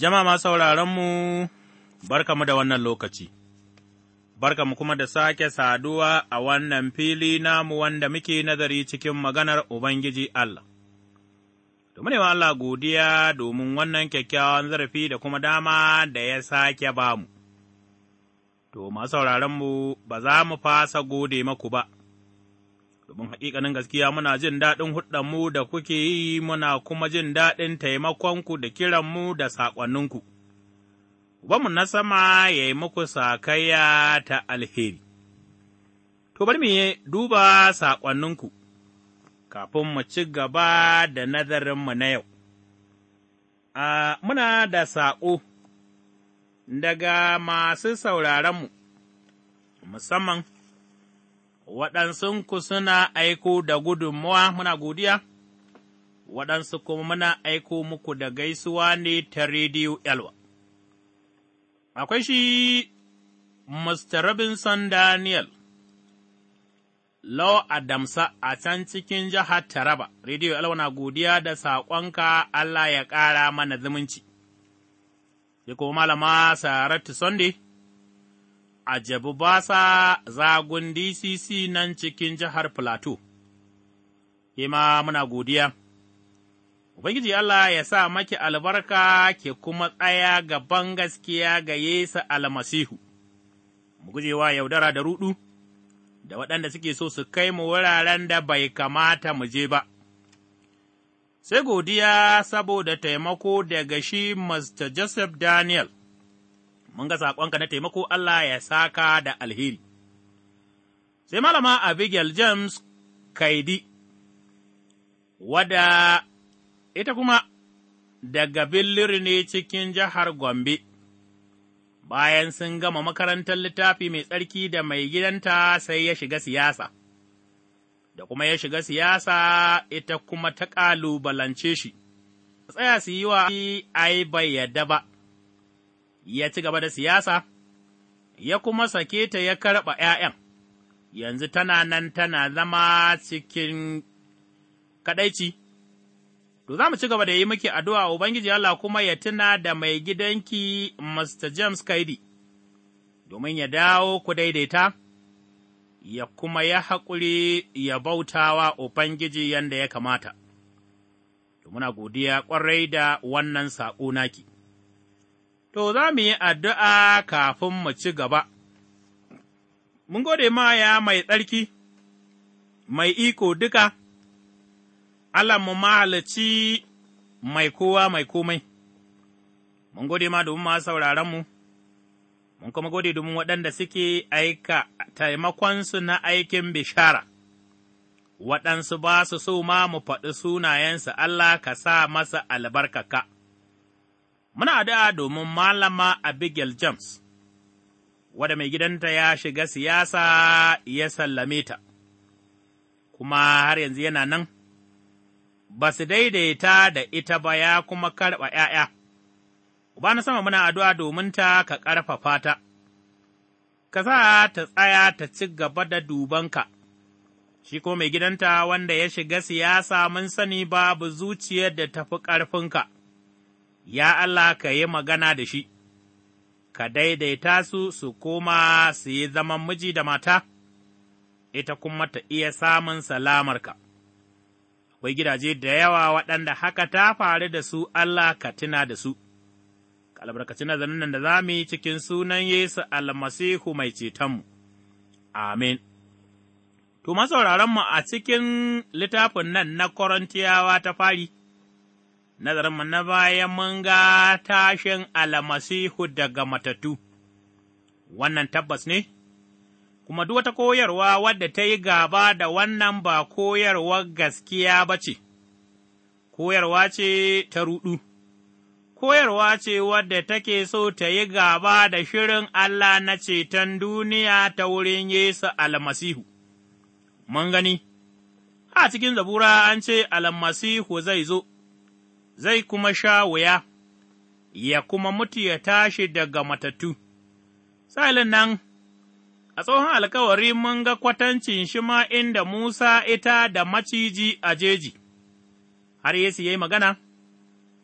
Jama'a ma sauraronmu, mu da wannan lokaci, mu kuma da sake saduwa a wannan fili namu wanda muke nazari cikin maganar Ubangiji Allah. Domin wa Allah godiya domin wannan kyakkyawan zarafi da kuma dama da ya sake bamu. To, masu sauraronmu ba za mu fasa gode maku ba. domin haƙiƙanin gaskiya muna jin daɗin mu da kuke yi muna kuma jin daɗin taimakonku da kiranmu da saƙonninku. Ubanmu na sama ya yi muku sakayya ta alheri. To bari mu duba saƙonninku kafin mu ci gaba da nazarinmu na yau. A muna da saƙo daga masu sauraronmu, musamman waɗansunku suna aiko da gudunmuwa muna godiya, waɗansu kuma muna aiko muku da gaisuwa ne ta rediyo Elwa. Akwai shi Mr. Robinson Daniel, Law Adamsa a can cikin jihar Taraba, rediyo Elwa na godiya da saƙonka Allah ya ƙara mana zumunci. Sai kuma malama Saratu Sunday. a Jabu Basa zagun DCC nan cikin jihar Filato, Ima muna godiya. Ubangiji Allah ya sa maki albarka ke kuma tsaya gaban gaskiya ga Yesu almasihu, mu gujewa yaudara da ruɗu, da waɗanda suke so su kai mu wuraren da bai kamata mu je ba. Sai godiya saboda taimako daga shi Mr. Joseph Daniel. mun ga saƙonka na taimako Allah ya saka da alheri. Sai malama Abigail James Kaidi, Wada ita kuma daga Billiri ne cikin jihar Gombe, bayan sun gama makarantar littafi mai tsarki da mai gidanta sai ya shiga siyasa, da kuma ya shiga siyasa ita kuma ta ƙalubalance shi, tsaya su yi wa ai bai yadda ba. ya ci gaba da siyasa, ya kuma sake ta ya karɓa ’ya'yan, yanzu tana nan tana zama cikin kaɗaici. To za mu ci gaba da yi miki addu'a Ubangiji Allah kuma ya tuna da mai gidanki Mr. James Kaidi, domin ya dawo ku daidaita, ya kuma ya haƙuri ya bautawa Ubangiji yanda ya kamata. muna godiya ƙwarai da wannan saƙo naki. to za mu yi addu'a kafin mu ci gaba. Mun gode ma ya mai tsarki, mai iko duka, mu mahalici mai kowa mai komai, mun gode ma domin masu sauraronmu, mun kuma gode domin waɗanda suke aika taimakonsu na aikin bishara. waɗansu ba su so ma mu faɗi sunayensu Allah ka sa masa albarkaka. muna da domin Malama Abigail James, wadda mai gidanta ya shiga siyasa ya sallame ta, kuma har yanzu yana nan, ba su daidaita da ita ba ya kuma karɓa ’ya'ya, Uba na sama muna addu'a domin ta ka ƙarfafa ta, ka sa ta tsaya ta ci gaba da dubanka. Shi ko mai gidanta wanda ya shiga siyasa mun sani babu zuciyar da tafi ƙarfinka. ya Allah ka yi magana da shi, ka daidaita su su koma su yi zaman miji da mata, ita kuma ta iya samun salamarka. Akwai gidaje da yawa waɗanda haka ta faru da su Allah ka tuna da su, ka albarkaci nazarin da za mu yi cikin sunan Yesu almasihu mai cetonmu. Amin. Tuma masauraranmu a cikin littafin nan na Korintiyawa ta fari. nazarinmu na baya mun ga tashin almasihu daga matattu, wannan tabbas ne, kuma duk wata koyarwa wadda ta yi gaba da wannan ba koyarwar gaskiya ba ce, koyarwa ce ta ruɗu, koyarwa ce wadda take so ta yi gaba da shirin Allah na ceton duniya ta wurin Yesu almasihu. Mun gani, a cikin zabura an ce almasihu zai zo. zai kuma sha wuya, ya kuma mutu ya tashi daga matattu. Sa'ilin nan, a tsohon alkawari mun ga kwatancin shi ma inda Musa ita da maciji a jeji, har Yesu ya yi magana,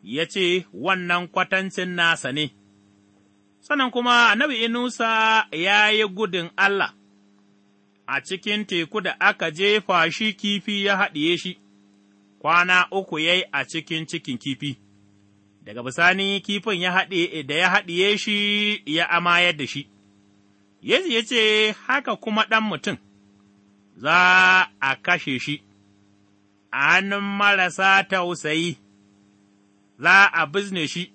ya ce, Wannan kwatancin nasa ne, sannan kuma annabi Inusa ya yi gudun Allah. a cikin teku da aka jefa shi kifi ya haɗiye shi, kwana uku ya yi a cikin cikin kifi, daga bisani kifin ya haɗe da ya haɗiye shi ya amayar da shi. Yesu ya ce, Haka kuma ɗan mutum, za a kashe shi, a hannun marasa tausayi, za a bizne shi,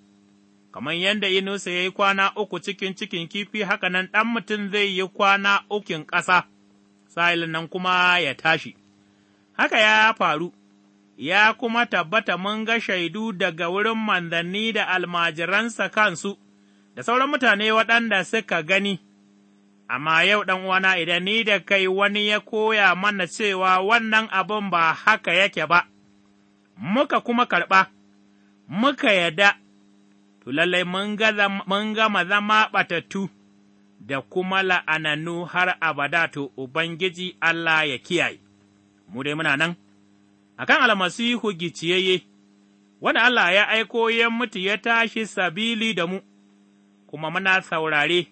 kamar yadda Inusa ya yi kwana uku cikin cikin kifi, haka nan ɗan mutum zai yi kwana ukin ƙasa, sa'ilin nan kuma ya tashi. Haka ya faru. ya kuma tabbata mun ga shaidu daga wurin manzanni da almajiransa kansu, da sauran mutane waɗanda suka gani, amma yau uwana idan ni da kai wani ya koya mana cewa wannan abin ba haka yake ba, muka kuma karɓa, muka yada, to lallai mun gama zama ɓatattu. Da kuma la'ananu har abada to Ubangiji Allah ya kiyaye, mu dai muna nan, a kan almasihu giciyayye, wanda Allah ya aiko ya mutu ya tashi sabili da mu, kuma muna saurare,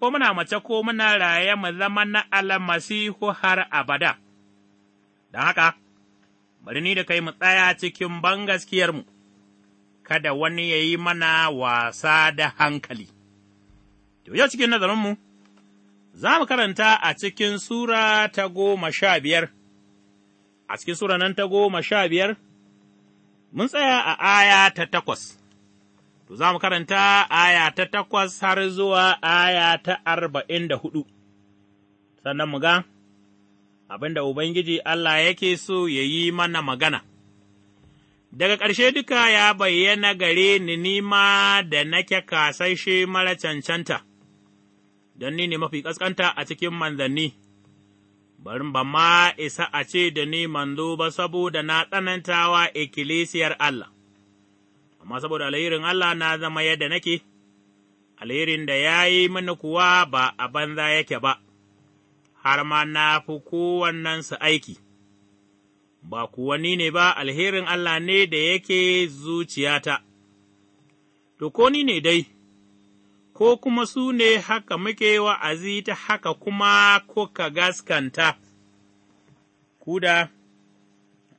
ko muna mace ko muna raye mu zama na almasihu har abada. Don haka, bari ni da kai mu tsaya cikin bangaskiyarmu, kada wani ya yi mana wasa da hankali. To, yau cikin nazarinmu, za mu karanta a cikin Sura ta goma sha biyar. a cikin Sura nan ta goma sha biyar, mun tsaya a aya ta takwas, to za mu karanta aya ta takwas har zuwa aya ta arba'in da hudu, sannan mu ga abin da Ubangiji Allah yake so ya yi mana magana. Daga ƙarshe duka ya bayyana gare ni nima da nake kasashe mara cancanta, don ni ne mafi ƙasƙanta a cikin manzanni. barin ba ma isa a ce da ni manzo ba saboda na tsanantawa ikkilisiyar Allah, amma saboda alherin Allah na zama yadda nake, alherin da ya yi mini kuwa ba a banza yake ba, har ma na fi kowannensu aiki, ba kuwa ni ne ba alherin Allah ne da yake zuciyata, to ko ni ne dai. ko kuma su ne haka muke wa'azi ta haka kuma kuka gaskanta. Kuda,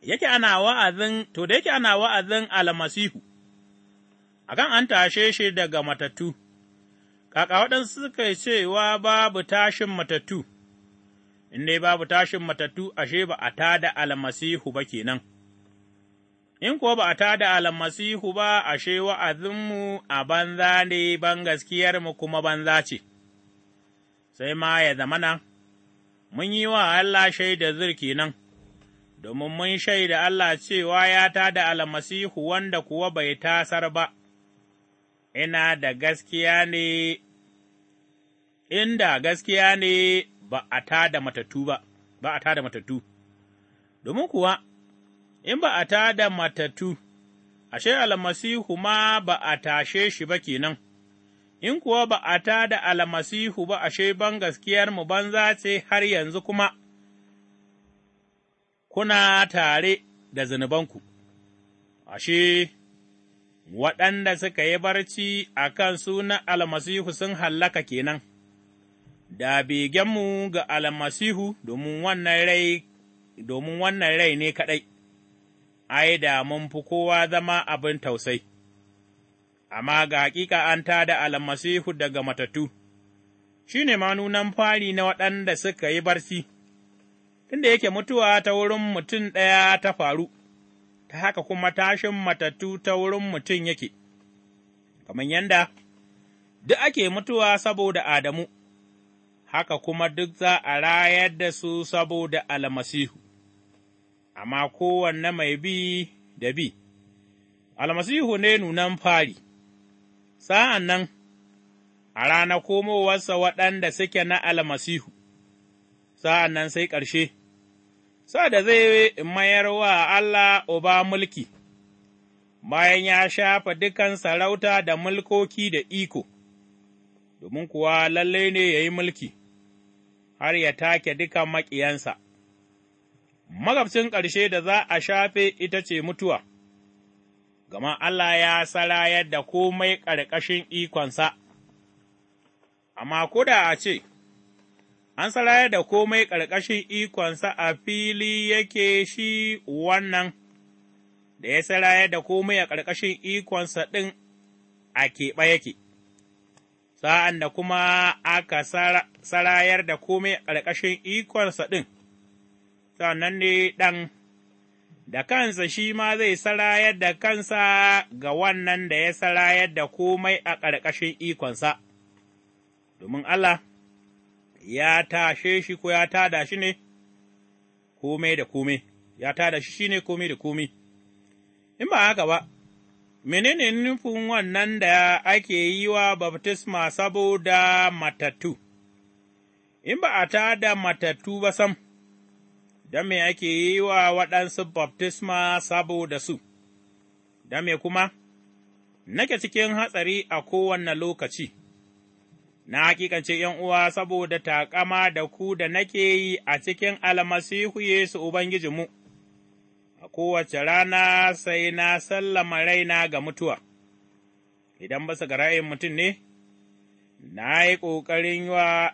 yake ana wa'azin, to da yake ana wa'azin almasihu, A kan an tashe shi daga matattu, kaka waɗansu suka cewa babu tashin matattu, inda babu tashin matattu ashe ba a tada almasihu ba kenan. nan. in kuwa ba a tā da almasihu ba, ashe wa'azinmu a banza ne ban gaskiyarmu kuma banza ce, sai ma ya zama nan. mun yi wa Allah shaida zirki nan, domin mun shaida Allah cewa ya tā da almasihu wanda kuwa bai tasar ba, ina da gaskiya ne, inda gaskiya ne ba a tā da matattu ba, ba a tā da matattu, domin kuwa. in ba a tā da matattu, ashe almasihu ma ba a tashe shi ba kenan, in kuwa ba a tā da almasihu ba ashe ban gaskiyarmu banza ce har yanzu kuma kuna tare da zunubanku, ashe, waɗanda suka yi barci a kan sunan almasihu sun hallaka kenan. da begenmu ga almasihu domin domin wannan rai ne kaɗai. ai, da mun fi kowa zama abin tausai, amma ga hakika an tā da almasihu daga matattu, shi ne ma nunan fari na waɗanda suka yi barci, tunda yake mutuwa ta wurin mutum ɗaya ta faru, ta haka kuma tashin matattu ta wurin mutum yake, kamar yanda duk ake mutuwa saboda Adamu, haka kuma duk za a rayar da su saboda almasihu. amma kowanne mai bi da bi, almasihu ne nunan fari, sa'an nan a rana komowarsa waɗanda suke na almasihu, sa'an nan sai ƙarshe, sa da zai mayar wa Allah Uba mulki, bayan ya shafa dukan sarauta da mulkoki da iko, domin kuwa lalle ne ya yi mulki, har ya take dukan maƙiyansa. magabcin ƙarshe da za a shafe ita ce mutuwa, gama Allah ya sarayar da komai ƙarƙashin ikonsa, amma ko da a ce, an sarayar da komai ƙarƙashin ikonsa a fili yake shi wannan, da ya sarayar da komai a ƙarƙashin ikonsa ɗin a keɓe yake. Sa'an da kuma aka sarayar da komai ƙarƙashin ikonsa ɗin, sannan ne ɗan, da kansa shi ma zai sarayar da kansa ga wannan da ya sarayar da komai a ƙarƙashin ikonsa, domin Allah ya tashe shi ko ya tada shi ne, komai da komai, ya tada shi shi ne komai da komai, in ba haka ba. menene nufin wannan da ake yi wa baftisma saboda matattu, in ba a tā da matattu ba sam, don me ake yi wa waɗansu baftisma saboda su, don me kuma, nake cikin hatsari a kowane lokaci, na hakikance uwa saboda taƙama da ku da nake yi a cikin almasihu Yesu Ubangijinmu, a kowace rana sai na sallama raina ga mutuwa, idan ba su ga ra'ayin mutum ne, na yi ƙoƙarin wa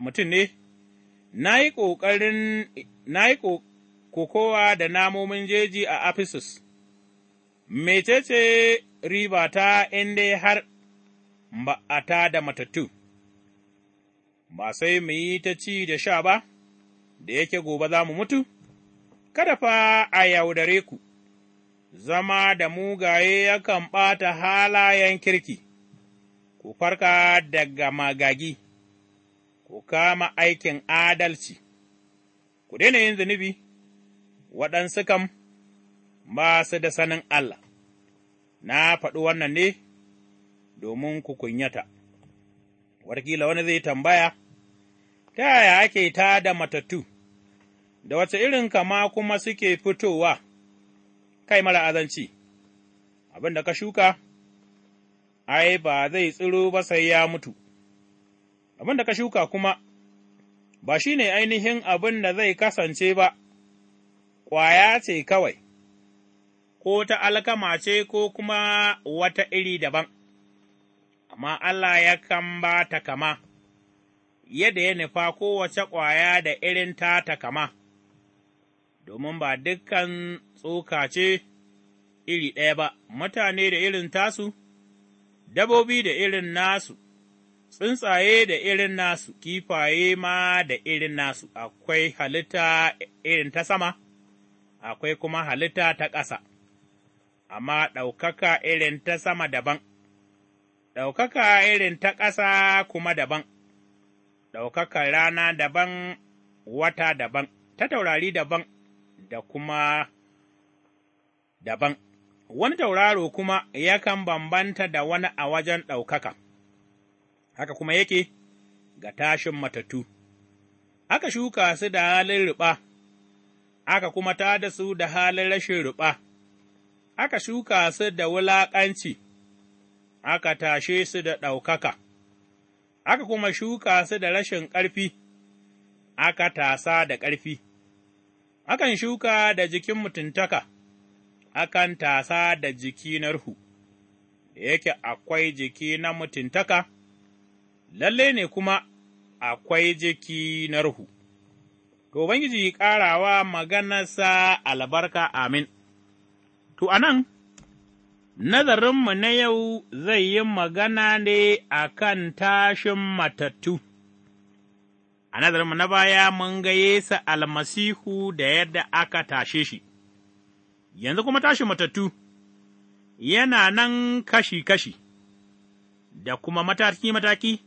mutum ne. na yi ƙoƙarin na yi kokowa da namomin jeji a Ephesus, mecece riba ta inda har ba da matattu, ba sai mu yi ta ci da sha ba, da yake gobe za mu mutu, kada fa a yaudare ku, zama da mugaye yakan ɓata halayen kirki, ku farka daga magagi. ku kama aikin adalci, ku daina yin zunubi, waɗansu kam ba su da sanin Allah, na faɗi wannan ne domin ku kunyata. Warkila wani zai tambaya, ta yaya ake ta da matattu, da wace irin kama kuma suke fitowa, kai mara azanci, abin da ka shuka, ai, ba zai tsiro ba sai ya mutu. abin da ka shuka kuma ba shi ne ainihin abin da zai kasance ba, ƙwaya ce kawai, ko ta alkama ce ko kuma wata iri daban, amma Allah yakan ba ta kama, yadda ya nufa kowace ƙwaya da irin ta ta kama, domin ba dukkan tsoka ce iri ɗaya ba, mutane da irin tasu, dabobi da irin nasu. tsuntsaye da irin nasu, kifaye ma da irin nasu, akwai halitta irin ta sama, akwai kuma halitta ta ƙasa, amma ɗaukaka irin ta sama daban, ɗaukaka irin ta ƙasa kuma daban, ɗaukaka rana daban, wata daban, ta taurari daban, da kuma daban. Wani tauraro kuma yakan bambanta da wani a wajen ɗaukaka. haka kuma yake ga tashin matattu. Aka shuka su da halin ruɓa, aka kuma tada su da halin rashin ruɓa, aka shuka su da wulaƙanci, aka tashe su da ɗaukaka, aka kuma shuka su da rashin ƙarfi, aka tasa da ƙarfi, akan shuka da jikin mutuntaka, akan tasa da jiki na ruhu, da yake akwai jiki na mutuntaka. lalle ne kuma akwai jiki na ruhu. To, Ubangiji ƙarawa maganarsa albarka amin. To, a nan, nazarinmu na yau zai yi magana ne a kan tashin matattu. A nazarinmu na baya mun ga Yesu almasihu da yadda aka tashe shi, yanzu kuma tashin matattu yana nan kashi-kashi, da kuma mataki-mataki.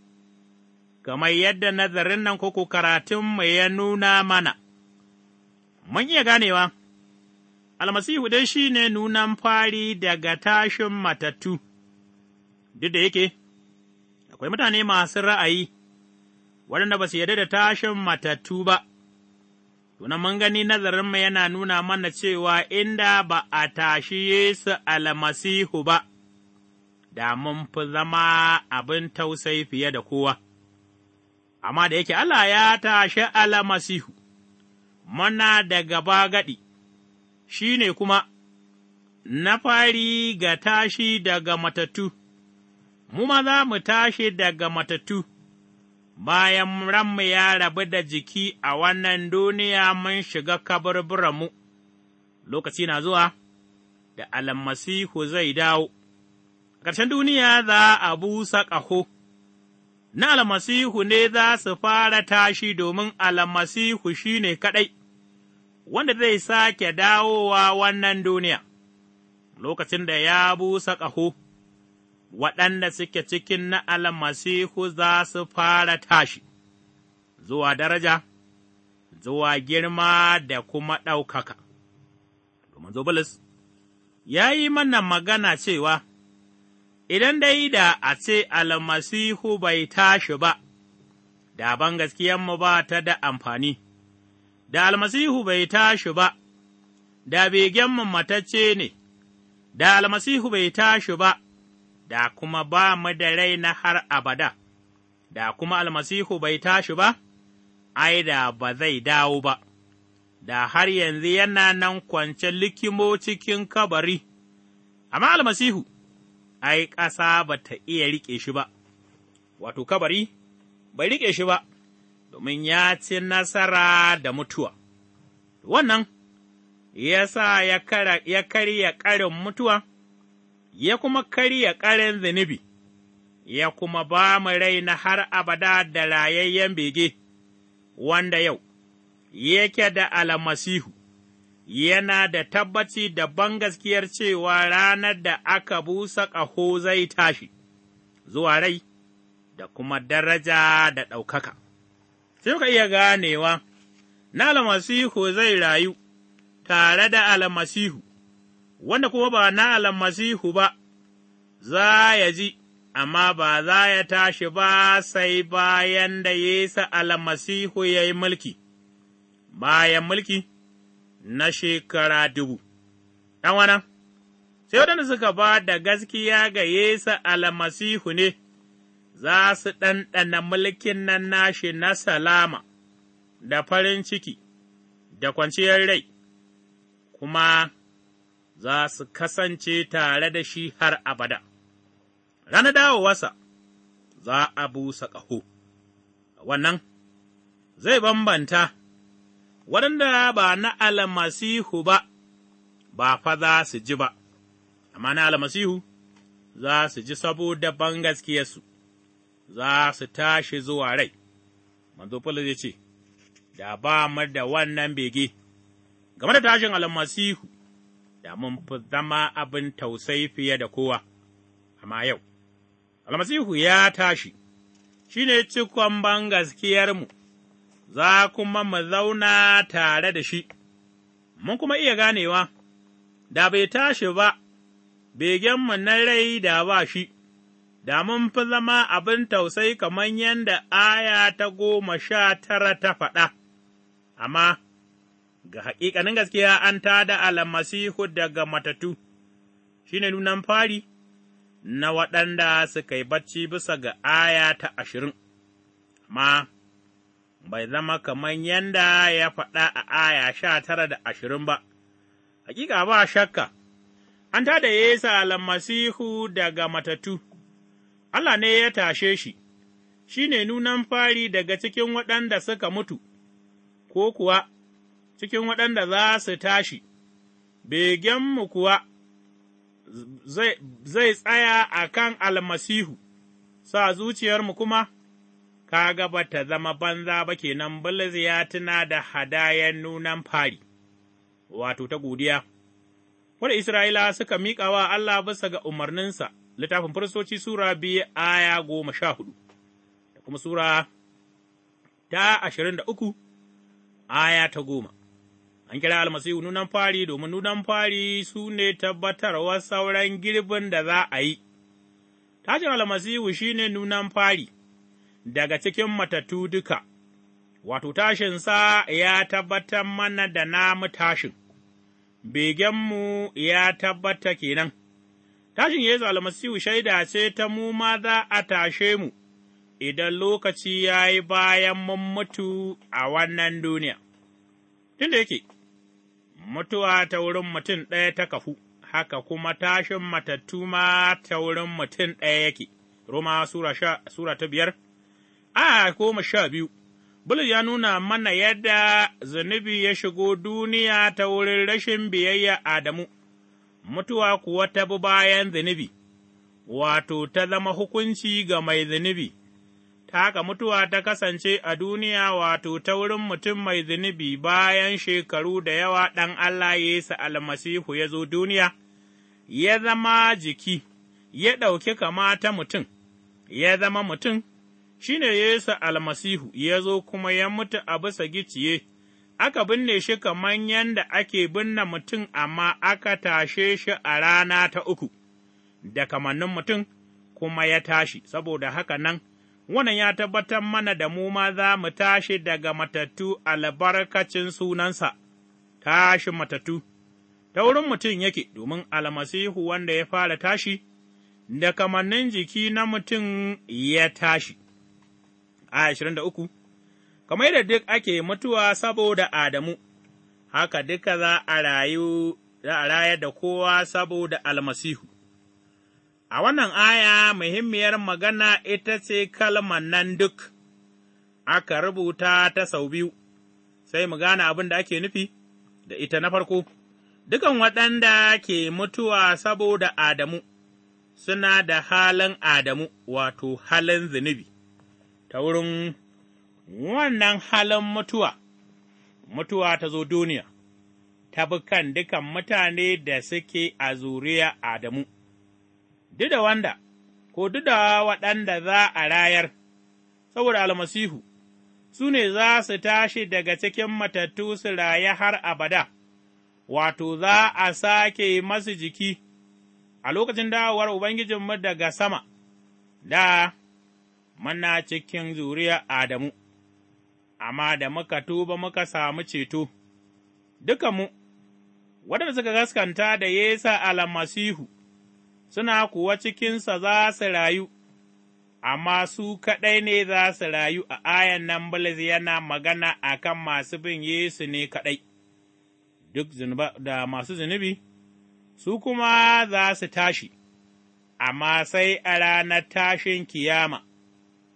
kamar yadda nazarin nan koko karatunmu ya nuna mana, mun iya ganewa, almasihu dai shi ne nunan fari daga tashin matattu, duk da yake, akwai mutane masu ra'ayi waɗanda ba su yarda da tashin matattu ba. Tunan mun gani nazarinmu yana nuna mana cewa inda ba a tashi Yesu almasihu ba, da mun fi zama abin tausayi fiye da kowa. amma da yake Allah ya tashi almasihu, mana daga bagaɗi, shi ne kuma na fari ga tashi daga matattu, mu ma za mu tashi daga matattu, bayan ranmu ya rabu da jiki a wannan duniya mun shiga kaburburanmu, lokaci na zuwa da almasihu zai dawo, ƙarshen duniya za a busa ƙaho. na almasihu ne za su fara tashi domin almasihu shi ne kaɗai, wanda zai sake dawowa wannan duniya, lokacin da ya busa ƙaho, waɗanda suke cikin na almasihu za su fara tashi, zuwa daraja, zuwa girma da kuma ɗaukaka. Domin Zobulis ya yi mana magana cewa, idan dai da a ce almasihu bai tashi ba, da ban gaskiyanmu ba ta da amfani, da almasihu bai tashi ba, da begenmu matacce ne, da almasihu bai tashi ba, da kuma ba mu da rai na har abada, da kuma almasihu bai tashi ba, ai, da ba zai dawo ba, da har yanzu yana nan kwance likimo cikin kabari, amma almasihu. ai, ƙasa ba ta iya riƙe shi ba, wato kabari bai riƙe shi ba, domin ya ci nasara da mutuwa. Wannan ya sa ya karya ƙarin mutuwa, ya kuma karya ƙarin zunubi, ya kuma ba mu rai na har abada da rayayyen bege, wanda yau yake da almasihu. yana da tabbaci da bangaskiyar cewa ranar da aka busa ƙaho zai tashi, zuwa rai da kuma daraja da ɗaukaka. Sai ka iya ganewa, na almasihu zai rayu tare da almasihu, wanda kuma ba na almasihu ba, za ya ji. amma ba za ya tashi ba sai bayan da ya yi sa almasihu ya yi mulki, bayan mulki, na shekara dubu. ’Yan sai waɗanda suka ba da gaskiya ga Yesu almasihu ne, za su ɗanɗana mulkin nan nashi na salama, da farin ciki, da kwanciyar rai, kuma za su kasance tare da shi har abada. Ranar dawowarsa za a busa ƙaho, wannan zai bambanta waɗanda ba na almasihu ba, ba fa za su ji ba, amma na almasihu za su ji saboda bangaskiyarsu, za su tashi zuwa rai. Manzo Paulus ya ce, Da ba mu da wannan bege, game da tashin almasihu, da mun fi zama abin tausai fiye da kowa, amma yau, almasihu ya tashi, shi ne cikon bangaskiyarmu, za kuma mu zauna tare da shi, mun kuma iya ganewa, da bai tashi ba, begenmu na rai da ba shi, da mun fi zama abin tausai kamar yadda aya ta goma sha tara ta faɗa, amma ga haƙiƙanin gaskiya an da almasihu daga matatu. shi ne nunan fari na waɗanda suka yi bacci bisa ga aya ta ashirin, amma bai zama kamar yanda ya faɗa a aya sha tara da ashirin ba, hakika ba shakka, an tada Yesu almasihu daga matattu, Allah ne ya tashe shi, shi ne nunan fari daga cikin waɗanda suka mutu, ko kuwa cikin waɗanda za su tashi, begenmu kuwa zai tsaya a kan almasihu, sa zuciyarmu kuma kaga ba ta zama banza ba kenan Bulus ya tuna da hadayen nunan fari, wato ta godiya, wadda Isra'ila suka miƙa wa Allah bisa ga umarninsa, littafin Firistoci Sura biyu aya goma sha hudu, da kuma Sura ta ashirin da uku aya ta goma. An kira almasihu nunan fari domin nunan fari su ne tabbatarwar sauran girbin da za a yi, tashin almasihu shi ne nunan fari. daga cikin matattu duka, wato tashinsa ya tabbatar mana da namu tashin, begenmu ya tabbata kenan. Tashin Yesu almasihu shaida ce ta mu ma za a tashe mu, idan lokaci ya yi bayan mun mutu a wannan duniya. Tunda yake, mutuwa ta wurin mutum ɗaya ta kafu, haka kuma tashin matattu ma ta wurin mutum ɗaya yake. Roma Sura, sura ta biyar a goma sha biyu, Bulus ya nuna mana yadda zunubi ya shigo duniya ta wurin rashin biyayya Adamu, mutuwa kuwa ta bi bayan zunubi, wato ta zama hukunci ga mai zunubi, ta haka mutuwa ta kasance a duniya wato ta wurin mutum mai zunubi bayan shekaru da yawa ɗan Allah Yesu almasihu ya zo duniya, ya zama jiki, ya ɗauki kama ta mutum, ya zama mutum. shi ne Yesu almasihu ya zo kuma ya mutu a bisa giciye, aka binne shi kamar yadda ake binne mutum amma aka tashe shi a rana ta uku, da kamannin mutum kuma ya tashi, saboda haka nan, wannan ya tabbatar mana da mu ma za mu tashi daga matattu albarkacin sunansa, Tashi matattu, ta wurin mutum yake domin almasihu wanda ya fara tashi, da kamannin jiki na mutum ya tashi. a ashirin da uku, kamar yadda duk ake mutuwa saboda Adamu, haka duka za a rayu, za a rayar da kowa saboda almasihu. A wannan aya muhimmiyar magana ita ce kalmar nan duk, aka rubuta ta sau biyu, sai mu gane abin da ake nufi da ita na farko, dukan waɗanda ke mutuwa saboda Adamu, suna da halin Adamu, wato halin zunubi. ta wurin wannan halin mutuwa, mutuwa ta zo duniya, ta bi kan dukan mutane da suke a zuriya Adamu, duk da wanda, ko duk da waɗanda za a rayar, saboda almasihu, su ne za su tashi daga cikin matattu su raye har abada, wato za a sake masu jiki a lokacin dawowar Ubangijinmu daga sama, da muna cikin zuriyar Adamu, amma da muka tuba muka samu ceto, dukanmu, waɗanda suka gaskanta da Yesu almasihu suna kuwa cikinsa za su rayu, amma su kaɗai ne za su rayu a ayan nan Bulus yana magana a kan masu bin Yesu ne kaɗai, duk da masu zunubi, su kuma za su tashi, amma sai a ranar tashin kiyama.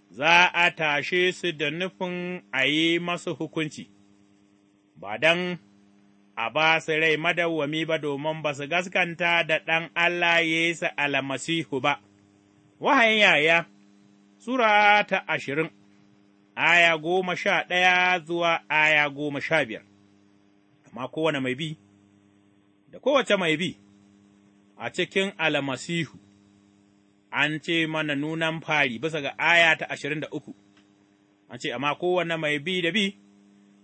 za a tashe su da nufin a yi masu hukunci, ba don a ba su rai madawwami ba domin ba su gaskanta da ɗan Allah Yesu almasihu ba. Wahayin yaya, Sura ta ashirin, aya goma sha ɗaya zuwa aya goma sha biyar, amma kowane mai bi, da kowace mai bi a cikin almasihu. an ce mana nunan fari bisa ga aya ta ashirin da uku, an ce, Amma kowane mai bi da bi,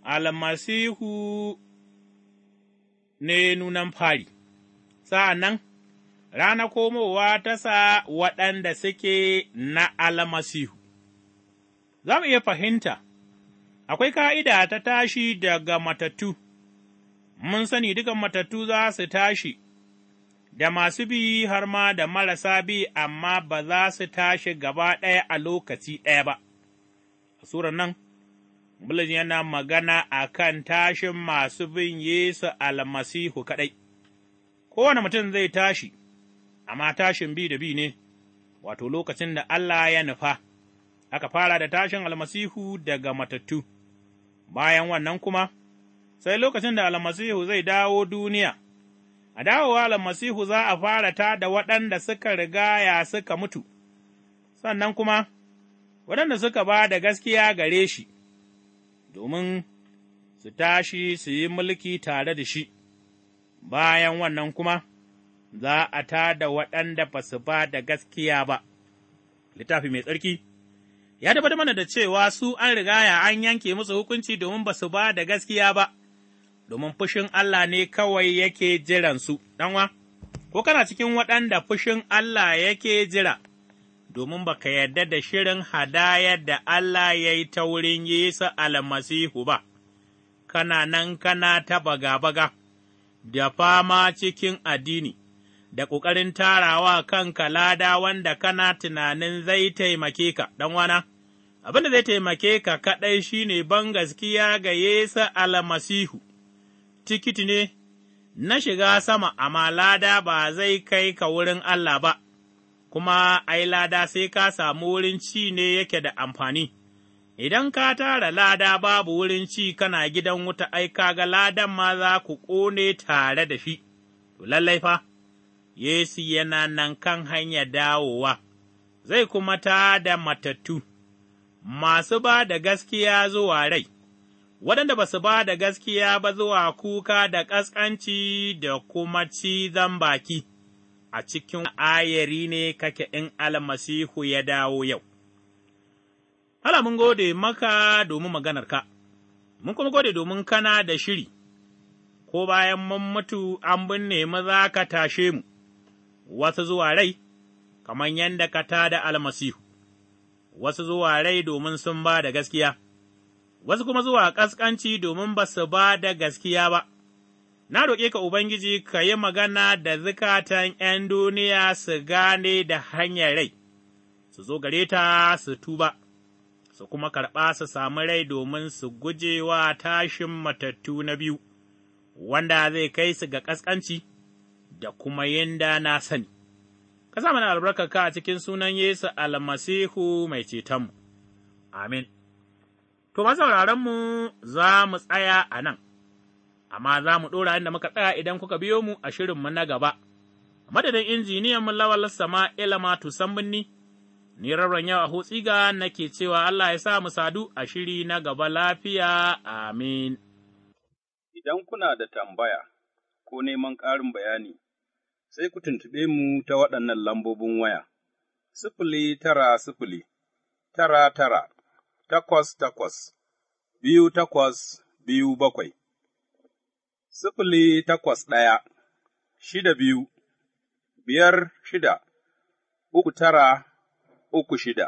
almasihu ne nunan fari, sa'an nan, rana komowa ta sa waɗanda suke na almasihu. Za mu iya fahimta, akwai ka'ida ta tashi daga matattu, mun sani dukan matattu za su tashi. da masu bi har ma da marasa bi, amma ba za su tashi gaba ɗaya a lokaci ɗaya ba. A Sura nan, Bulus yana magana a kan tashin masu bin Yesu almasihu kaɗai, kowane mutum zai tashi, amma tashin bi da bi ne, wato lokacin da Allah ya nufa, aka fara da tashin almasihu daga matattu, bayan wannan kuma, sai lokacin da almasihu zai dawo duniya. a dawowa masihu za a fara ta da waɗanda suka rigaya suka mutu, sannan kuma waɗanda suka ba da gaskiya gare shi, domin su tashi su yi mulki tare da shi, bayan wannan kuma za a ta da waɗanda ba su ba da gaskiya ba. Littafi mai tsarki ya tabbatar mana da cewa su an rigaya an yanke musu hukunci domin ba su ba da gaskiya ba. domin fushin Allah ne kawai yake jiransu, ɗanwa, ko kana cikin waɗanda fushin Allah yake jira, domin ba ka yarda da shirin hadaya da Allah ya yi ta wurin Yesu almasihu ba, kana nan kana ta baga-baga, da fama cikin addini, da ƙoƙarin tarawa kan kalada wanda kana tunanin zai taimake ka, ɗanwana. Abin da zai taimake ka kaɗai shi ne ban gaskiya ga Yesu almasihu. tikiti ne na shiga sama, amma lada ba zai kai ka wurin Allah ba, kuma ai, lada sai ka samu wurin ci ne yake da amfani. Idan ka tara lada babu wurin ci kana gidan wuta, ai, kaga ladan ma za ku ƙone tare da shi, to lallai fa, Yesu yana nan kan hanya dawowa, zai kuma tā da matattu, masu ba da gaskiya zuwa rai. waɗanda ba su ba da gaskiya ba zuwa kuka da ƙasƙanci da kuma cizon baki, a cikin ayari ne kake in almasihu ya dawo yau. Hala mun gode maka domin maganarka, mun kuma gode domin kana da shiri, ko bayan mun mutu an binne mu za ka tashe mu, wasu zuwa rai, kamar yadda ka tada almasihu, wasu zuwa rai domin sun ba da gaskiya. wasu kuma zuwa ƙasƙanci domin ba su ba da gaskiya ba. Na roƙe ka Ubangiji ka yi magana da zukatan ’yan duniya su gane da hanyar rai, su zo gare ta su tuba, su kuma karɓa su samu rai domin su guje wa tashin matattu na biyu, wanda zai kai su ga ƙasƙanci da kuma yin na sani. Ka sa mana ka a cikin sunan Yesu almasihu mai cetonmu. Amin. To, ma mu za mu tsaya a nan, amma za mu ɗora inda muka tsaya idan kuka biyo mu a shirinmu na gaba. Madadin injiniyan mu lawal ilama tusan Binni, ni rarren yawa na nake cewa Allah ya sa mu sadu a shiri na gaba lafiya, amin. Idan kuna da tambaya ko neman ƙarin bayani, sai ku tuntuɓe mu ta waɗannan lambobin waya, sifili tara sifili, tara tara. takwas takwas, biyu takwas biyu bakwai, sifili takwas ɗaya, shida biyu, biyar shida, uku tara, uku shida.